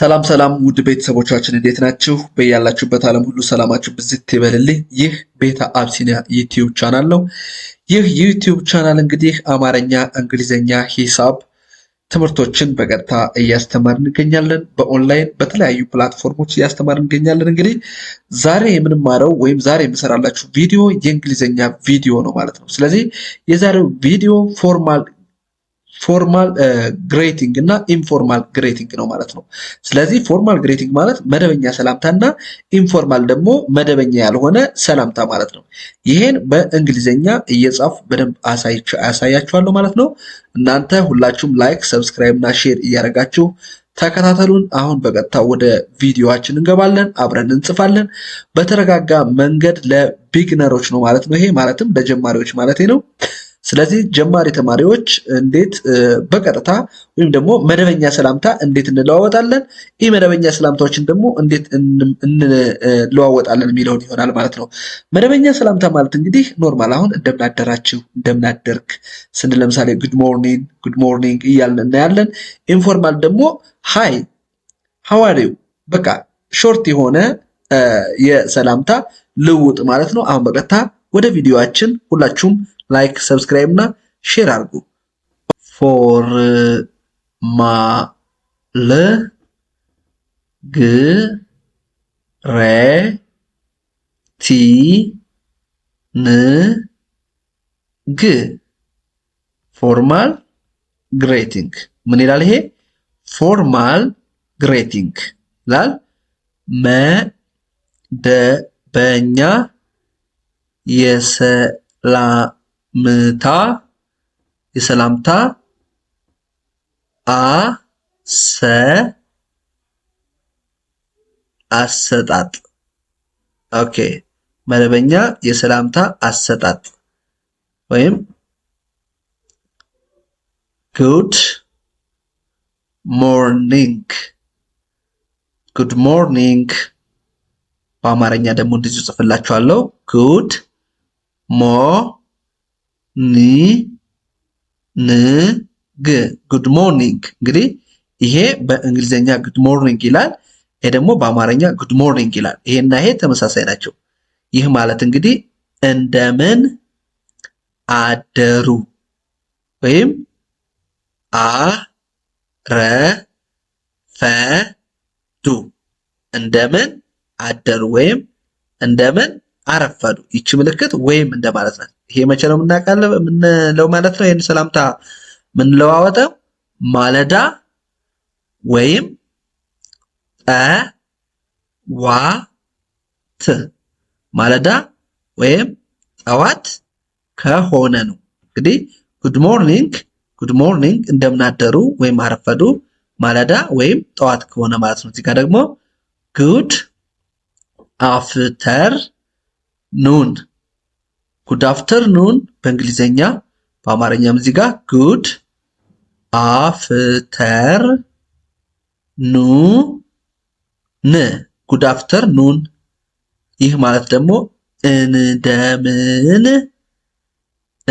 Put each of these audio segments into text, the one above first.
ሰላም ሰላም ውድ ቤተሰቦቻችን እንዴት ናችሁ? በያላችሁበት ዓለም ሁሉ ሰላማችሁ ብዝት ይበልልኝ። ይህ ቤተ አብሲኒያ ዩቲዩብ ቻናል ነው። ይህ ዩቲዩብ ቻናል እንግዲህ አማርኛ፣ እንግሊዝኛ፣ ሂሳብ ትምህርቶችን በቀጥታ እያስተማር እንገኛለን። በኦንላይን በተለያዩ ፕላትፎርሞች እያስተማር እንገኛለን። እንግዲህ ዛሬ የምንማረው ወይም ዛሬ የምሰራላችሁ ቪዲዮ የእንግሊዝኛ ቪዲዮ ነው ማለት ነው። ስለዚህ የዛሬው ቪዲዮ ፎርማል ፎርማል ግሬቲንግ እና ኢንፎርማል ግሬቲንግ ነው ማለት ነው። ስለዚህ ፎርማል ግሬቲንግ ማለት መደበኛ ሰላምታ እና ኢንፎርማል ደግሞ መደበኛ ያልሆነ ሰላምታ ማለት ነው። ይሄን በእንግሊዝኛ እየጻፉ በደንብ አሳያችኋለሁ ማለት ነው። እናንተ ሁላችሁም ላይክ፣ ሰብስክራይብ እና ሼር እያደረጋችሁ ተከታተሉን። አሁን በቀጥታ ወደ ቪዲዮችን እንገባለን። አብረን እንጽፋለን። በተረጋጋ መንገድ ለቢግነሮች ነው ማለት ነው። ይሄ ማለትም ለጀማሪዎች ማለት ነው። ስለዚህ ጀማሪ ተማሪዎች እንዴት በቀጥታ ወይም ደግሞ መደበኛ ሰላምታ እንዴት እንለዋወጣለን፣ ኢ መደበኛ ሰላምታዎችን ደግሞ እንዴት እንለዋወጣለን የሚለውን ይሆናል ማለት ነው። መደበኛ ሰላምታ ማለት እንግዲህ ኖርማል አሁን እንደምናደራችሁ እንደምናደርግ ስንል ለምሳሌ ጉድ ሞርኒንግ ጉድ ሞርኒንግ እያልን እናያለን። ኢንፎርማል ደግሞ ሃይ ሀዋሪው በቃ ሾርት የሆነ የሰላምታ ልውጥ ማለት ነው። አሁን በቀጥታ ወደ ቪዲዮችን ሁላችሁም ላይክ፣ ሰብስክራይብ እና ሼር አድርጉ። ፎር ማ ል ግ ሬ ቲ ን ግ ፎርማል ግሬቲንግ ምን ይላል? ይሄ ፎርማል ግሬቲንግ ይላል። መደበኛ የሰላ ምታ የሰላምታ አ ሰ አሰጣጥ ኦኬ መደበኛ የሰላምታ አሰጣጥ ወይም ጉድ ሞርኒንግ ጉድ ሞርኒንግ በአማርኛ ደግሞ እንደዚሁ ጽፍላችኋለሁ። ጉድ ሞ ኒ ንግ ጉድ ሞርኒንግ። እንግዲህ ይሄ በእንግሊዝኛ ጉድ ሞርኒንግ ይላል። ይሄ ደግሞ በአማርኛ ጉድ ሞርኒንግ ይላል። ይሄና ይሄ ተመሳሳይ ናቸው። ይህ ማለት እንግዲህ እንደምን አደሩ ወይም አረፈዱ እንደምን አደሩ ወይም እንደምን አረፈዱ። ይቺ ምልክት ወይም እንደማለት ናት። ይሄ መቼ ነው የምናቀልብ የምንለው ማለት ነው። ይህን ሰላምታ የምንለዋወጠው ማለዳ ወይም ጠዋት ማለዳ ወይም ጠዋት ከሆነ ነው። እንግዲህ ጉድ ሞርኒንግ ጉድ ሞርኒንግ እንደምናደሩ ወይም አረፈዱ ማለዳ ወይም ጠዋት ከሆነ ማለት ነው። እዚህ ጋር ደግሞ ጉድ አፍተር ኑን ጉድ አፍተር ኑን በእንግሊዘኛ በአማርኛም እዚህ ጋር ጉድ አፍተር ኑ ን ጉድ አፍተር ኑን። ይህ ማለት ደግሞ እንደምን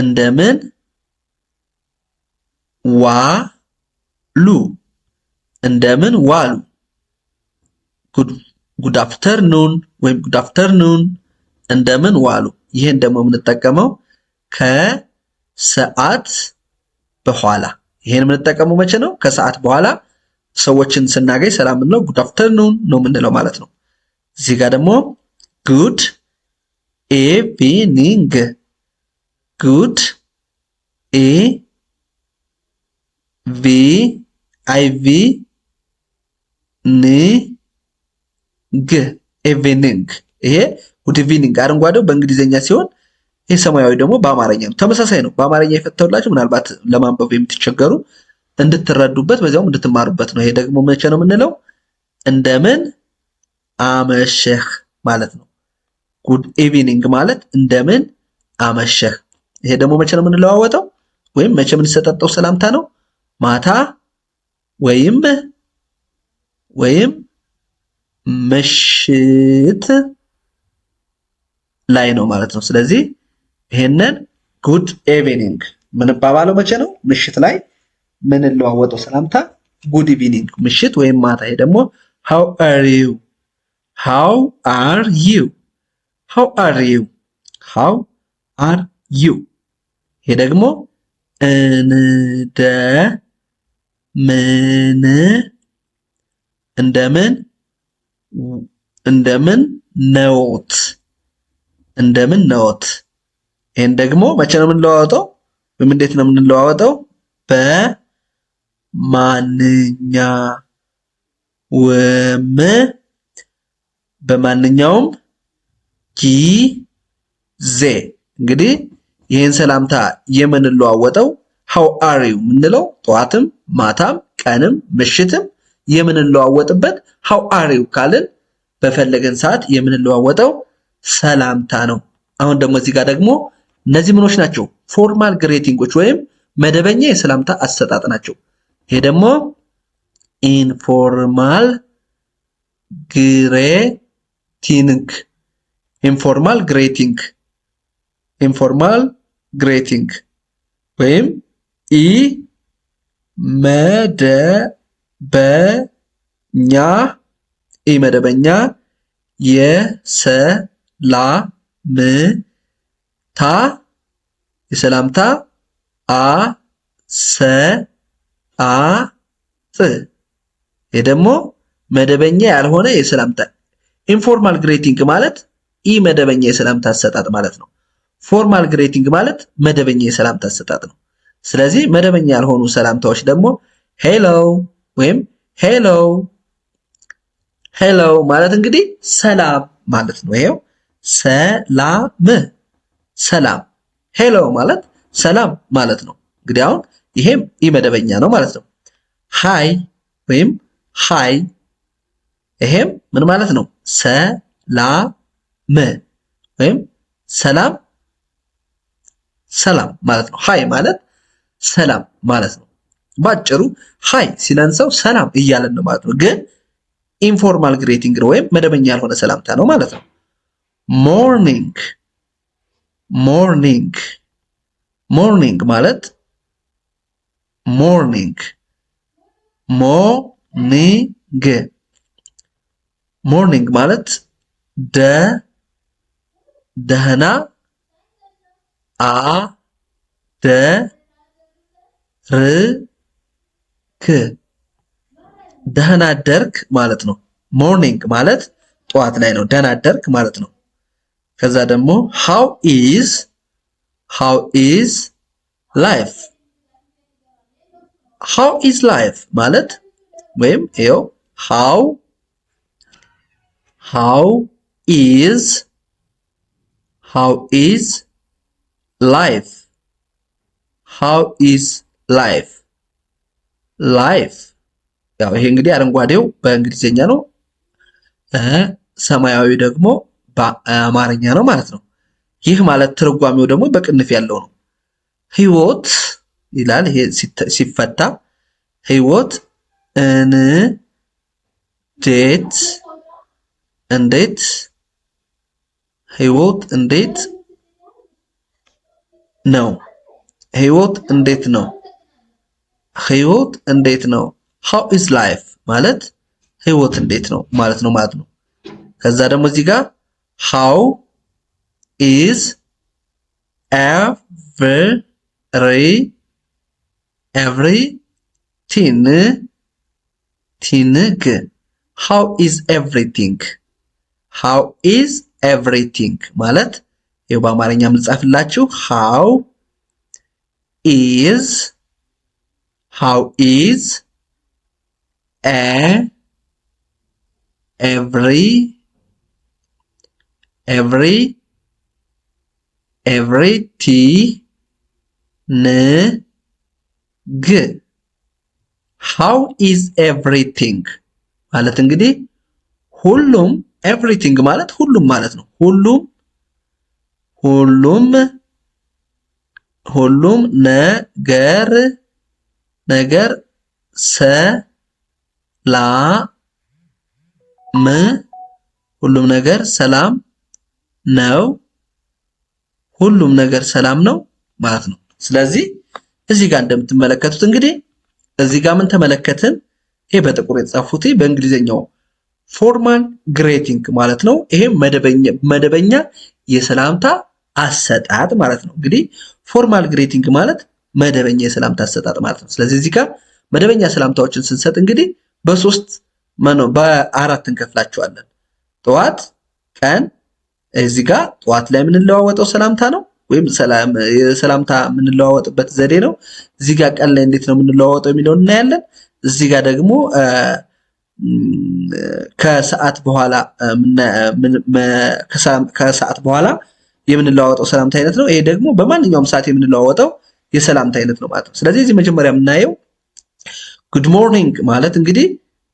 እንደምን ዋሉ እንደምን ዋሉ ጉድ አፍተር ኑን ወይም ጉድ አፍተር ኑን እንደምን ዋሉ። ይህን ደግሞ የምንጠቀመው ከሰዓት በኋላ ይህን የምንጠቀመው መቼ ነው? ከሰዓት በኋላ ሰዎችን ስናገኝ ሰላም ምንለው ጉድ አፍተርኑን ነው የምንለው ማለት ነው። እዚህ ጋር ደግሞ ጉድ ኢቪኒንግ ጉድ ኢ ቪ አይ ቪ ኒ ግ ኢቪኒንግ ይሄ ኢቪኒንግ አረንጓዴው በእንግሊዝኛ ሲሆን ይህ ሰማያዊ ደግሞ በአማርኛ ነው። ተመሳሳይ ነው። በአማርኛ የፈተውላችሁ ምናልባት ለማንበብ የምትቸገሩ እንድትረዱበት በዚያውም እንድትማሩበት ነው። ይሄ ደግሞ መቼ ነው የምንለው? እንደምን አመሸህ ማለት ነው። ጉድ ኢቪኒንግ ማለት እንደምን አመሸህ። ይሄ ደግሞ መቼ ነው የምንለዋወጠው? ወይም መቼ የምንሰጠጠው ሰላምታ ነው። ማታ ወይም ወይም ምሽት ላይ ነው ማለት ነው። ስለዚህ ይሄንን ጉድ ኤቪኒንግ ምንባባለው መቼ ነው? ምሽት ላይ ምንለዋወጠው ሰላምታ ጉድ ኢቪኒንግ ምሽት ወይም ማታ። ይሄ ደግሞ ሃው አር ዩ ሃው አር ዩ ሃው አር ዩ ሃው አር ዩ። ይሄ ደግሞ እንደ ምን እንደምን እንደምን ነዎት እንደምን ነዎት። ይህን ደግሞ መቼ ነው የምንለዋወጠው? ወይም እንዴት ነው የምንለዋወጠው? በማንኛውም በማንኛውም ጊዜ እንግዲህ ይህን ሰላምታ የምንለዋወጠው ሀው አሪው የምንለው ጠዋትም ማታም ቀንም ምሽትም የምንለዋወጥበት ሀው አሪው ካልን በፈለገን ሰዓት የምንለዋወጠው ሰላምታ ነው። አሁን ደግሞ እዚህ ጋር ደግሞ እነዚህ ምኖች ናቸው ፎርማል ግሬቲንጎች ወይም መደበኛ የሰላምታ አሰጣጥ ናቸው። ይሄ ደግሞ ኢንፎርማል ግሬቲንግ ኢንፎርማል ግሬቲንግ ኢንፎርማል ግሬቲንግ ወይም ኢ መደበኛ የሰ ላ ም ታ የሰላምታ አ ሰ አ ጥ ይህ ደግሞ መደበኛ ያልሆነ የሰላምታ ኢንፎርማል ግሬቲንግ ማለት ኢ መደበኛ የሰላምታ አሰጣጥ ማለት ነው። ፎርማል ግሬቲንግ ማለት መደበኛ የሰላምታ አሰጣጥ ነው። ስለዚህ መደበኛ ያልሆኑ ሰላምታዎች ደግሞ ሄሎ ወይም ሄሎ ሄሎ ማለት እንግዲህ ሰላም ማለት ነው። ይሄው ሰላም ሰላም ሄሎ ማለት ሰላም ማለት ነው። እንግዲህ አሁን ይሄም ኢመደበኛ ነው ማለት ነው። ሃይ ወይም ሃይ ይሄም ምን ማለት ነው? ሰላም ወይም ሰላም ሰላም ማለት ነው። ሃይ ማለት ሰላም ማለት ነው። ባጭሩ ሃይ ሲለን ሰው ሰላም እያለን ነው ማለት ነው። ግን ኢንፎርማል ግሬቲንግ ነው ወይም መደበኛ ያልሆነ ሰላምታ ነው ማለት ነው። ሞርኒንግ ሞርኒንግ ሞርኒንግ ማለት ሞርኒንግ ሞርኒንግ ሞርኒንግ ማለት ደ ደህና አ ደ ር ክ ደህና ደርክ ማለት ነው። ሞርኒንግ ማለት ጠዋት ላይ ነው። ደህና ደርክ ማለት ነው። ከዛ ደግሞ ሃው ኢዝ ሃው ኢዝ ላይፍ ሃው ኢዝ ላይፍ ማለት ወይም ይኸው ሃው ሃው ኢዝ ሃው ኢዝ ላይፍ ሃው ኢዝ ላይፍ ላይፍ ያው ይሄ እንግዲህ አረንጓዴው በእንግሊዝኛ ነው። ሰማያዊ ደግሞ በአማርኛ ነው ማለት ነው። ይህ ማለት ትርጓሜው ደግሞ በቅንፍ ያለው ነው። ህይወት ይላል ይሄ ሲፈታ ህይወት ዴት እንዴት ህይወት እንዴት ነው ህይወት እንዴት ነው ህይወት እንዴት ነው how is life ማለት ህይወት እንዴት ነው ማለት ነው ማለት ነው። ከዛ ደግሞ እዚህ ጋር How is every everything thing how is everything how is everything Malat? ማለት ይኸው በአማርኛ ምጻፍላችሁ how is how is a every ኤቭሪ ኤቭሪቲ ን ግ ሃው ኢዝ ኤቭሪቲንግ ማለት እንግዲህ ሁሉም ኤቭሪቲንግ ማለት ሁሉም ማለት ነው። ሁሉም ሁሉም ሁሉም ነገር ነገር ሰላም ሁሉም ነገር ሰላም ነው ሁሉም ነገር ሰላም ነው ማለት ነው። ስለዚህ እዚህ ጋር እንደምትመለከቱት እንግዲህ እዚህ ጋር ምን ተመለከትን? ይሄ በጥቁር የተጻፉት በእንግሊዝኛው ፎርማል ግሬቲንግ ማለት ነው። ይሄ መደበኛ የሰላምታ አሰጣጥ ማለት ነው። እንግዲህ ፎርማል ግሬቲንግ ማለት መደበኛ የሰላምታ አሰጣጥ ማለት ነው። ስለዚህ እዚህ ጋር መደበኛ ሰላምታዎችን ስንሰጥ እንግዲህ በሶስት በአራት እንከፍላቸዋለን። ጠዋት፣ ቀን እዚህ ጋር ጠዋት ላይ የምንለዋወጠው ሰላምታ ነው ወይም ሰላምታ የምንለዋወጥበት ዘዴ ነው። እዚህ ጋር ቀን ላይ እንዴት ነው የምንለዋወጠው የሚለውን እናያለን። እዚህ ጋር ደግሞ ከሰዓት በኋላ ከሰዓት በኋላ የምንለዋወጠው ሰላምታ አይነት ነው። ይሄ ደግሞ በማንኛውም ሰዓት የምንለዋወጠው የሰላምታ አይነት ነው ማለት ነው። ስለዚህ እዚህ መጀመሪያ የምናየው ጉድ ሞርኒንግ ማለት እንግዲህ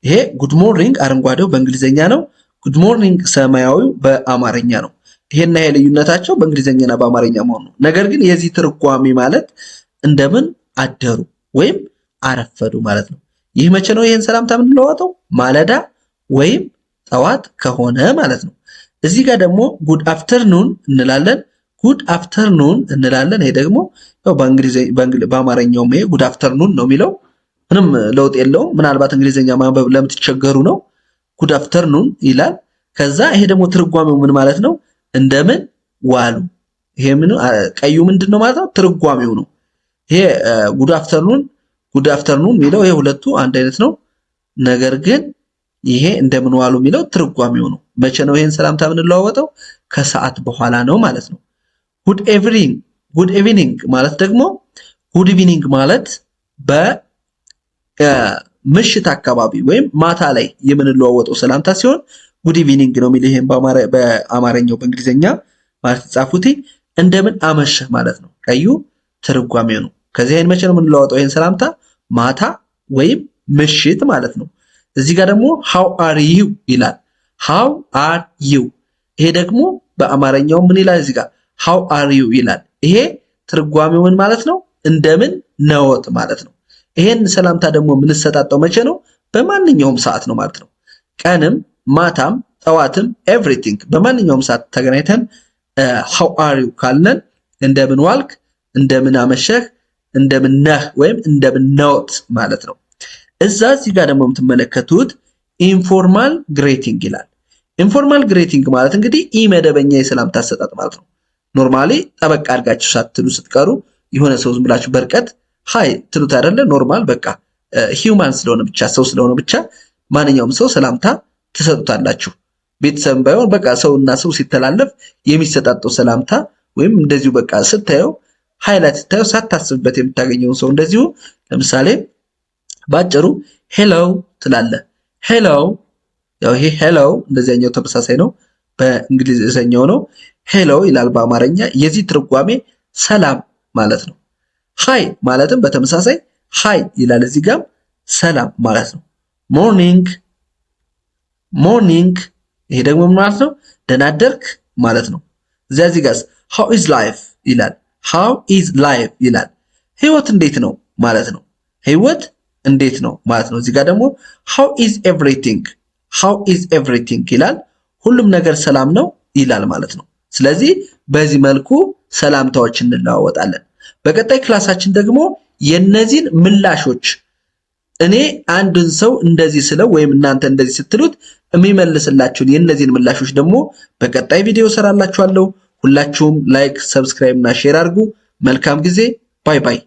ይሄ ጉድ ሞርኒንግ አረንጓዴው በእንግሊዝኛ ነው። ጉድ ሞርኒንግ ሰማያዊው በአማርኛ ነው። ይሄና ይሄ ልዩነታቸው በእንግሊዝኛና በአማርኛ መሆኑ ነው። ነገር ግን የዚህ ትርጓሜ ማለት እንደምን አደሩ ወይም አረፈዱ ማለት ነው። ይህ መቼ ነው ይህን ሰላምታ የምንለዋወጠው? ማለዳ ወይም ጠዋት ከሆነ ማለት ነው። እዚህ ጋር ደግሞ ጉድ አፍተርኑን እንላለን። ጉድ አፍተርኑን እንላለን። ይሄ ደግሞ ያው በአማርኛውም ይሄ ጉድ አፍተርኑን ነው የሚለው ምንም ለውጥ የለውም። ምናልባት እንግሊዝኛ ማንበብ ለምትቸገሩ ነው ጉድ አፍተርኑን ይላል። ከዛ ይሄ ደግሞ ትርጓሜው ምን ማለት ነው? እንደምን ዋሉ። ይሄ ምን ቀዩ ምንድን ነው ማለት ነው? ትርጓሜው ነው። ይሄ ጉድ አፍተርኑን ጉድ አፍተርኑን የሚለው ይሄ ሁለቱ አንድ አይነት ነው። ነገር ግን ይሄ እንደምን ዋሉ የሚለው ትርጓሜው ነው። መቼ ነው ይሄን ሰላምታ የምንለዋወጠው? ከሰዓት በኋላ ነው ማለት ነው። ጉድ ኤቭኒንግ ጉድ ኢቪኒንግ ማለት ደግሞ ጉድ ኢቪኒንግ ማለት በ ምሽት አካባቢ ወይም ማታ ላይ የምንለዋወጠው ሰላምታ ሲሆን ጉድ ኢቪኒንግ ነው የሚል ይሄን በአማርኛው በእንግሊዝኛ ማለት ጻፉት እንደምን አመሸህ ማለት ነው ቀዩ ትርጓሜው ነው ከዚህ አይን መቼ ነው የምንለዋወጠው ይሄን ሰላምታ ማታ ወይም ምሽት ማለት ነው እዚህ ጋር ደግሞ ሃው አር ዩ ይላል ሃው አር ዩ ይሄ ደግሞ በአማርኛው ምን ይላል እዚህ ጋር ሃው አር ዩ ይላል ይሄ ትርጓሜው ምን ማለት ነው እንደምን ነዎት ማለት ነው ይሄን ሰላምታ ደግሞ የምንሰጣጠው መቼ ነው? በማንኛውም ሰዓት ነው ማለት ነው። ቀንም፣ ማታም፣ ጠዋትም ኤቭሪቲንግ በማንኛውም ሰዓት ተገናኝተን ሃው አር ዩ ካልነን እንደምን ዋልክ፣ እንደምን አመሸህ፣ እንደምን ነህ ወይም እንደምን ነዎት ማለት ነው። እዛ እዚህ ጋር ደግሞ የምትመለከቱት ኢንፎርማል ግሬቲንግ ይላል። ኢንፎርማል ግሬቲንግ ማለት እንግዲህ ኢ መደበኛ የሰላምታ አሰጣጥ ማለት ነው። ኖርማሊ ጠበቅ አድርጋችሁ ሳትሉ ስትቀሩ የሆነ ሰው ዝም ብላችሁ በርቀት ሀይ ትሉት አይደለ? ኖርማል በቃ ሂውማን ስለሆነ ብቻ ሰው ስለሆነ ብቻ ማንኛውም ሰው ሰላምታ ትሰጡታላችሁ። ቤተሰብ ባይሆን በቃ ሰውና ሰው ሲተላለፍ የሚሰጣጠው ሰላምታ ወይም እንደዚሁ በቃ ስታየው ሃይላይት ስታየው ሳታስብበት የምታገኘውን ሰው እንደዚሁ ለምሳሌ ባጭሩ ሄለው ትላለ። ሄሎው ያው ይሄ ሄሎው እንደዚያኛው ተመሳሳይ ነው፣ በእንግሊዝኛው ነው። ሄለው ይላል በአማርኛ። የዚህ ትርጓሜ ሰላም ማለት ነው። ሃይ ማለትም በተመሳሳይ ሃይ ይላል። እዚህ ጋም ሰላም ማለት ነው። ሞርኒንግ ሞርኒንግ። ይሄ ደግሞ ማለት ነው ደህና አደርክ ማለት ነው። እዚያ እዚህ ጋስ ሃው ኢዝ ላይፍ ይላል። ሃው ኢዝ ላይፍ ይላል። ህይወት እንዴት ነው ማለት ነው። ህይወት እንዴት ነው ማለት ነው። እዚህ ጋር ደግሞ ሃው ኢዝ ኤቭሪቲንግ ሃው ኢዝ ኤቭሪቲንግ ይላል። ሁሉም ነገር ሰላም ነው ይላል ማለት ነው። ስለዚህ በዚህ መልኩ ሰላምታዎች እንለዋወጣለን። በቀጣይ ክላሳችን ደግሞ የነዚህን ምላሾች እኔ አንድን ሰው እንደዚህ ስለው ወይም እናንተ እንደዚህ ስትሉት የሚመልስላችሁን የእነዚህን ምላሾች ደግሞ በቀጣይ ቪዲዮ ሰራላችኋለሁ። ሁላችሁም ላይክ፣ ሰብስክራይብ እና ሼር አድርጉ። መልካም ጊዜ። ባይ ባይ።